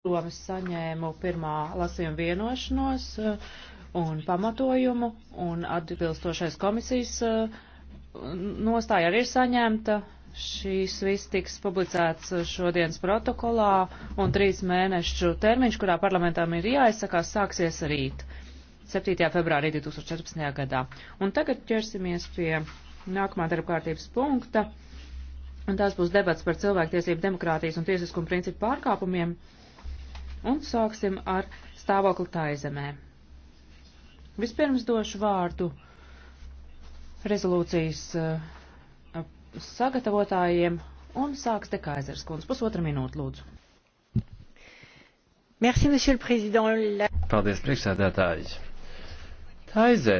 padomas saņēmu pirmā lasījuma vienošanos eh, un pamatojumu, un atbilstošais komisijas eh, nostāja arī ir saņemta. Šīs viss tiks publicēts eh, šodienas protokolā, un trīs mēnešu termiņš, kurā parlamentam ir jāizsakās, sāksies rīt, 7. februārī 2014. gadā. Un tagad ķersimies pie nākamā darba kārtības punkta, un tās būs debats par cilvēktiesību, demokrātijas un tiesiskuma principu pārkāpumiem. Un sāksim ar stāvokli taizemē. Vispirms došu vārdu rezolūcijas uh, sagatavotājiem un sāks te Kaizers kundze. Pusotra minūte, lūdzu. Merci, Paldies, priekšsēdētāji. Taizē